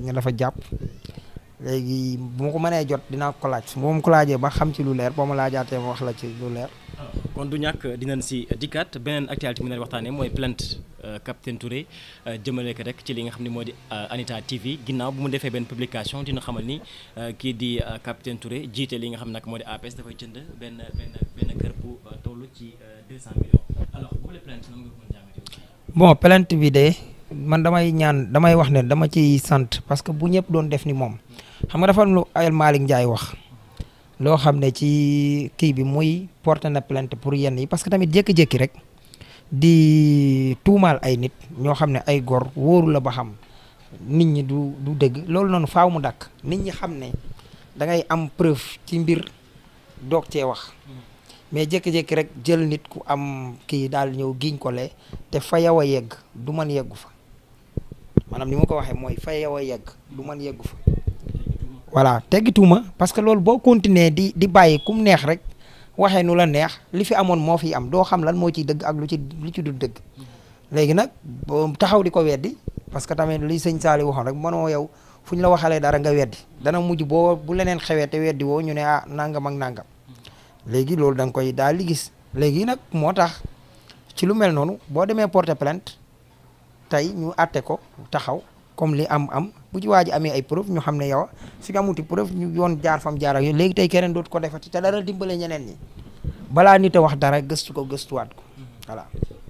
xëy na dafa jàpp léegi bu ma ko mënee jot dinaa ko laaj su ma ko laajee ba xam ci lu leer boo ma laajaatee ma wax la ci lu leer. kon du ñàkk dinañ si dikkaat beneen actualité bi ñu waxtaanee mooy plainte euh, capitaine Touré euh, jëmale ko rek ci li nga xam ne moo di euh, Anita TV ginnaaw bu mu defee benn publication dina xamal ni kii di capitaine Touré jiite li nga xam nag moo di APS dafay jënd benn benn benn kër bu toll ci 200 millions bon plainte bi de. man damay ñaan damay wax ne dama ciy sant parce que bu ñëpp doon def ni moom xam nga dafa am lu ayel Malick wax loo xam ne ci kii bi muy porté na plainte pour yenn yi parce que tamit jékki-jékki rek di tuumaal ay nit ñoo xam ne ay gor wóoru la ba xam nit ñi du du dëgg loolu noonu faaw mu dakk nit ñi xam ne dangay am preuve ci mbir doog cee wax mais jékki-jékki rek jël nit ku am kii daal ñëw giñ ko le te fa yow a yegg du man yeggu fa maanaam ni ma ko waxee mooy fa yow a yegg du man yegg fa voilà teggituuma parce que loolu boo continuer di di bàyyi kum neex rek waxee nu la neex li fi amoon moo fi am doo xam lan moo ciy dëgg ak lu ci lu ci du dëgg léegi nag taxaw di ko weddi parce que tamit li sëñ Saali waxoon rek mënoo yow fu ñu la waxalee dara nga weddi dana mujj boo bu leneen xewee te weddi woo ñu ne ah nangam ak nangam léegi loolu danga koy daal di gis léegi nag moo tax ci lu mel noonu boo demee porter plainte tey ñu àtte ko taxaw comme li am am bu ci waa ji amee ay preuve ñu xam ne yow suñu amuti preuve ñu yoon jaar fam jaar ak yow léegi tey keneen dootu ko defati te dara dimbale ñeneen ñi balaa nit a wax dara gëstu ko gëstuwaat ko voilà.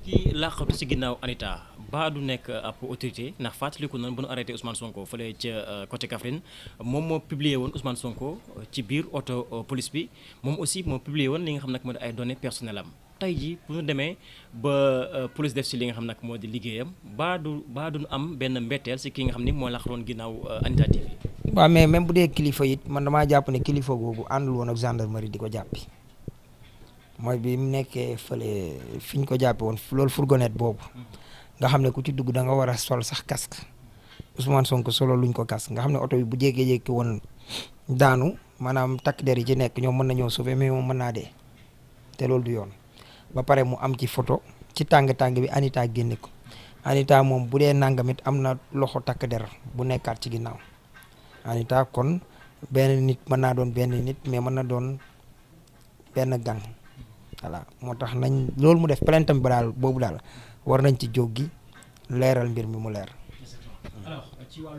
kii làqatu si ginnaaw Anita ba du nekk ab autorité ndax fàttaliku nañ bu ñu arrêté Ousmane Sonko fële ca euh, côté Kaffrine moom moo publier woon Ousmane Sonko euh, ci biir auto euh, police bi moom aussi moo publier woon li nga xam tey jii bu ñu demee ba euh, police def si li nga xam nag moo di liggéeyam baa du baa duñu am benn mbetteel si kii nga xam ni moo laxaroon ginnaaw euh, Anita TV waaw mais même bu dee kilifa it man damaa jàpp ne kilifa googu àndul woon ak gendarmerie di ko jàppi mooy bi mu nekkee fële fi ñu ko jàppee woon loolu fourgonnette boobu nga xam ne ku ci dugg da nga war a sol sax casque Ousmane Sonko solo luñ ko casque nga xam ne oto bi bu jékkee-jékki woon daanu manaam takk der yi ci nekk ñoom mën nañoo sauver mais moom mën naa dee te loolu du yoon ba pare mu am ci photo ci tàng-tàng bi Anita génne ko Anita moom bu dee nangamit am na loxo takk der bu nekkaat ci ginnaaw Anita kon benn nit mën naa doon benn nit mais mën na doon benn gan voilà moo tax nañ loolu mu def plainte ba daal boobu daal war nañ ci jóg gi leeral mbir mi mu leer. alors ci euh,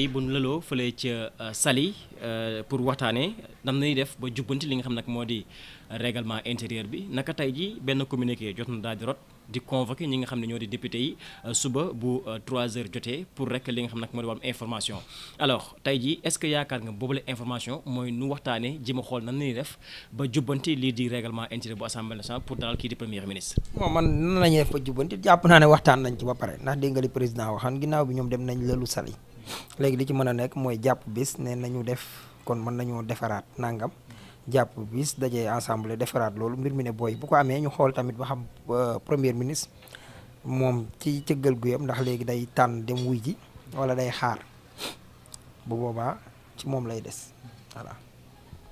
yi bu ñu lëloo fële ca euh, euh, pour waxtaanee nan la ñuy def ba jubbanti li nga xam nag moo di règlement intérieur bi naka tey ji benn communiqué jot na daal di rot di convoqué ñi nga xam ne ñoo di député yi euh, suba bu 3 euh, heures jotee pour rek li nga xam nag moo di information alors tey ji est-ce que yaakaar nga boobule information mooy nu waxtaanee ji ma xool nan la ñuy def ba jubbanti lii di règlement intérieur bu assemblée nationale pour dalal kii di premier ministre. bon man nan la def ba jubbanti jàpp naa ne waxtaan nañ ci ba pare ndax dégg nga li président waxaan ginnaaw bi ñoom dem nañ lëlu sali léegi li ci mën a nekk mooy jàpp bis ne nañu def. kon mën nañoo defaraat nangam jàpp bis dajee ensemble defaraat loolu mbir mi ne booy bu ko amee ñu xool tamit ba xam premier ministre moom ci cëggal guyam ndax léegi day tànn dem wuy ji wala day xaar bu boobaa ci moom lay des voilà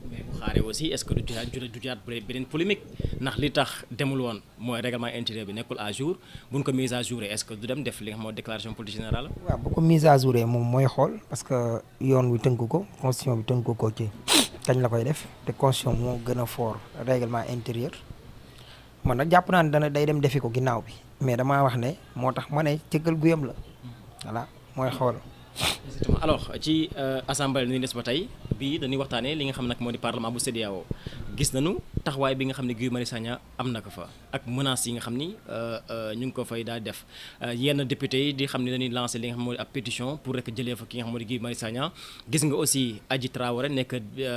mais bu xaaree aussi est ce que du jaay du jaay beneen polémique ndax li tax demul woon mooy règlement intérieur bi nekkul à jour buñ ko mise à jour est ce que du dem def li nga xam mooy déclaration politique générale. waaw bu ko mise à jour moom mooy xool parce que yoon wi tënku ko constitution bi tënku ko ci kañ la koy def te constitution moo gën a foor réglement intérieur man nag jàpp naan ne dana day dem defi ko ginnaaw bi mais damaa wax ne moo tax ma ne cëggal guyam la voilà mooy xool. exactement alors ci euh, assemblée ni des ba tey bii dañuy waxtaanee li nga xam nag moo di parlement bu CEDEAO gis nañu taxawaay bi nga xam ne Guy Marius Sagna am na ko fa ak menaces yi nga xam ni euh, euh, ñu ngi ko fay daal def yenn député yi di xam ne dañuy lancé li nga xam moo di pétition pour rek jëlee fa ki nga xam moo di Guy Marius Sagna gis nga aussi Adji Traoré nekk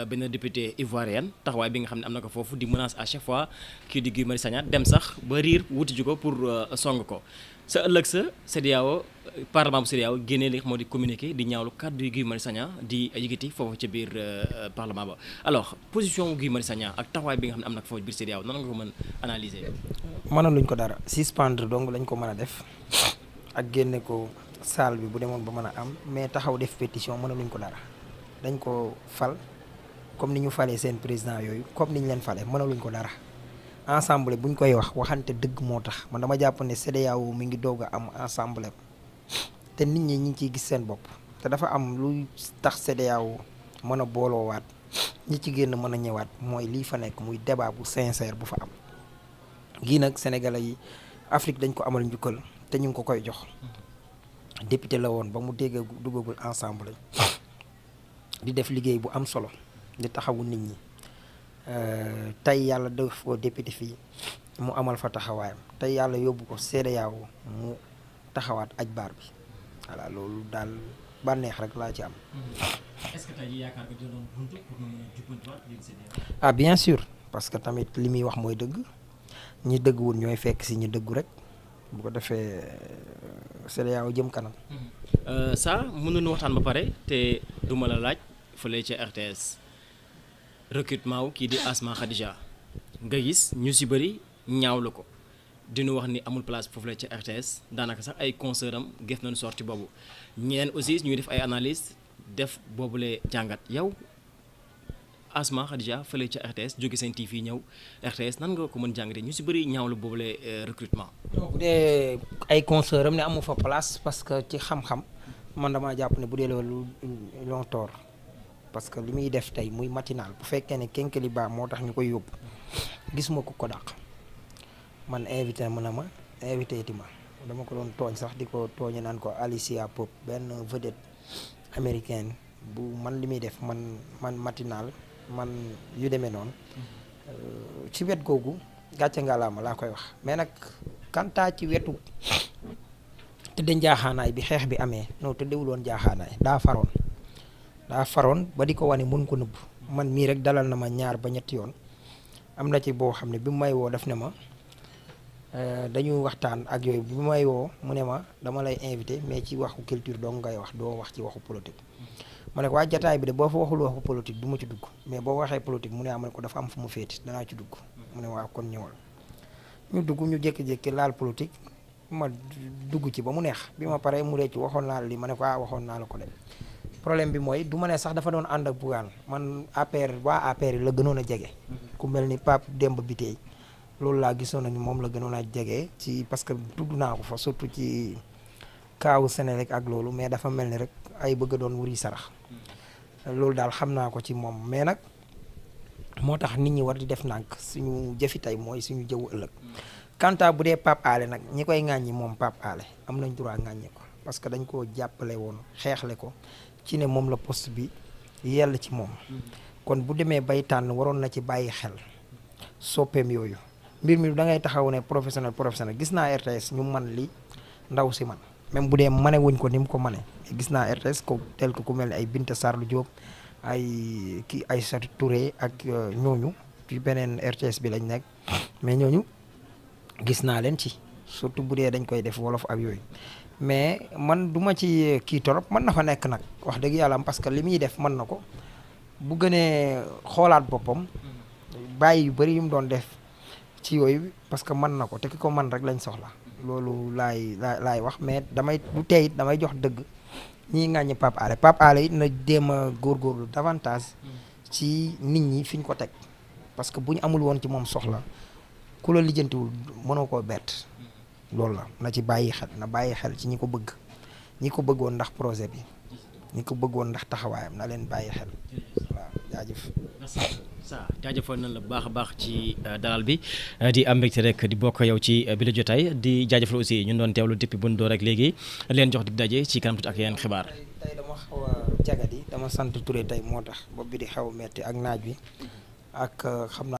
benn député ivoirienne taxawaay bi nga xam ne am na ko foofu di menace à chaque fois kii di Guy Marius Sagna dem sax ba riir wuti ko pour song ko sa ëllëg sa CEDEAO parlement bu CEDEAO génnee li moo di communiqué di ñaawlu kàddu yi Guy Marius saña di yëkkati foofu ci biir euh, parlement ba alors position Guy Marius Sagna ak taxawaay bi nga xam ne am na ko foofu biir CEDEAO nan nga ko mën analyser. mënoon ko dara suspendre donc lañ ko mën a def ak génne ko salle bi bu demoon ba mën a am mais taxaw def pétition mënoon luñ ko dara dañ ko fal comme ni ñu falee seen président yooyu comme ni ñu leen falee mënoon luñ ko dara. ensemble bu ñu koy wax waxante dëgg moo tax man dama jàpp ne CEDEAO mi ngi doog a am ensemble te nit ñi ñu ngi ciy gis seen bopp te dafa am lu tax CEDEAO mën a booloowaat ñi ci génn mën a ñëwaat mooy lii fa nekk muy débat bu sincère bu fa am gii nag sénégalais yi Afrique dañ ko amal njukkal te ñu ngi ko koy jox député la woon ba mu dégg duggagul ensemble di def liggéey bu am solo di taxawu nit ñi Euh, tey yàlla def ko député fii mu amal fa taxawaayam tey yàlla yóbbu ko CEDEAO mu taxawaat aj baar bi voilà loolu daal bànneex rek laa ci am. Mm-hmm. est ah bien sûr parce que tamit li muy wax mooy dëgg ñi dëgguwul ñooy fekk si ñi dëggu rek. bu ko defee euh, CEDEAO jëm kanam. Mm-hmm. Euh, ça mën nañu waxtaan ba pare te duma la laaj fële ca RTS recrutement wu kii di Asma Khadija nga gis ñu si bëri la ko dinu wax ni amul place foofu la ci RTS daanaka sax ay concert gis gef nañu sorti boobu ñeneen aussi ñu def ay analyse def boobule jàngat yow Asma Khadija fële ca RTS jóge seen TV ñëw RTS nan nga ko mën jàngate ñu si bëri ñaawlu la euh, recrutement. bu dee ay concert am ne fa place parce que ci xam-xam man damaa jàpp ne bu dee loolu loo parce que li muy def tey muy matinal bu fekkee ne Kenkeliba moo tax ñu koy yóbbu gisuma ko ko dàq man invité ma na ma invité ti ma dama ko doon tooñ sax di ko tooñe naan ko Alicia Pop benn vedette américaine bu man li muy def man man matinal man yu demee noonu euh, ci wet googu gàcce ngalaama laa koy wax mais nag kantaa ci wetu tëdd njaaxaanaay bi xeex bi amee non tëddewul woon njaaxaanaay daa faroon ah faroon ba di ko wane mun ko nëbb man mii rek dalal na ma ñaar ba ñetti yoon am na ci boo xam ne bi mu may woo def ne ma euh, dañuy waxtaan ak yooyu bi may woo mu ne ma dama lay invité mais ci waxu culture dong ngay wax doo wax ci waxu politique ma ne ko waa jataay bi de boo fa waxul waxu politique ma ci dugg boo waxee politique mu ne ah, ma ko dafa am fu mu féet danaa ci dugg mu ne waaw kon ñëwal ñu dugg ñu jékki-jékki laal politique ma dugg ci ba mu neex bi ma paree mu réccu waxoon naa la li ma ne ko ah waxoon naa la ko de problème bi mooy du ma ne sax dafa doon ànd ak Bougane man APR waa APR yi la gënoon a jege. ku mel ni Pape bi Bitèye loolu laa gisoon nañu moom la gënoon jege ci parce que tudd naa ko fa surtout ci kaawu Sénélec ak loolu mais dafa mel ni rek ay bëgg doon wuri sarax loolu daal xam naa ko ci moom mais nag moo tax nit ñi war di def nànk suñu jëfi tey mooy suñu jëw ëllëg. quant bu dee Pape Alé nag ñi koy ŋàññi moom Pape Alé am nañ droit ŋàññi ko parce que dañ koo jàppale woon xeexle ko ci ne moom la post bi yell ci moom kon bu demee bay tànn waroon na ci bàyyi xel soppeem yooyu mbir mi da ngay taxaw ne professionnel professionnel gis naa RTS ñu man li ndaw si man même bu dee mane wuñ ko ni mu ko mane gis naa RTS ko tel que ku mel ni ay Binta Sarlu Diop ay ki ay Sati Touré ak euh, ñooñu ci beneen RTS bi lañ nekk mais ñooñu gis naa leen ci surtout bu dee dañ koy def wolof ak yooyu mais man duma ci kii torop mën na fa nekk nag wax dëgg yàlla am parce que li muy def man na ko bu gënee xoolaat boppam bàyyi yu bëri yu mu doon def ci yooyu parce que mën na ko te ki ko man rek lañ soxla loolu laay laay wax mais damay du tey damay jox dëgg ñii ŋàññi Pape Alé Pape Alé it na jéem a góorgóorlu davantage ci nit ñi fiñ ko teg parce que bu ñu amul woon ci moom soxla ku la lijjantiwul mënoo koo bett loolu la na ci bàyyi xel na bàyyi xel ci ñi ko bëgg ñi ko bëggoon ndax projet bi ñi ko bëggoon ndax taxawaayam na leen bàyyi xel waaw jaajëf. sa jaajëfal nañ la bu baax a baax ci euh, dalal bi euh, di am mbégte rek di bokk yow ci euh, bi la jotaay di jaajëfal aussi ñun doon teewlu depuis bu ñu rek léegi leen jox dig daje ci kanam tuuti ak yeneen xibaar. tey dama xaw a jagadi dama sant Touré tey moo tax bopp bi di xaw metti ak naaj bi ak xam naa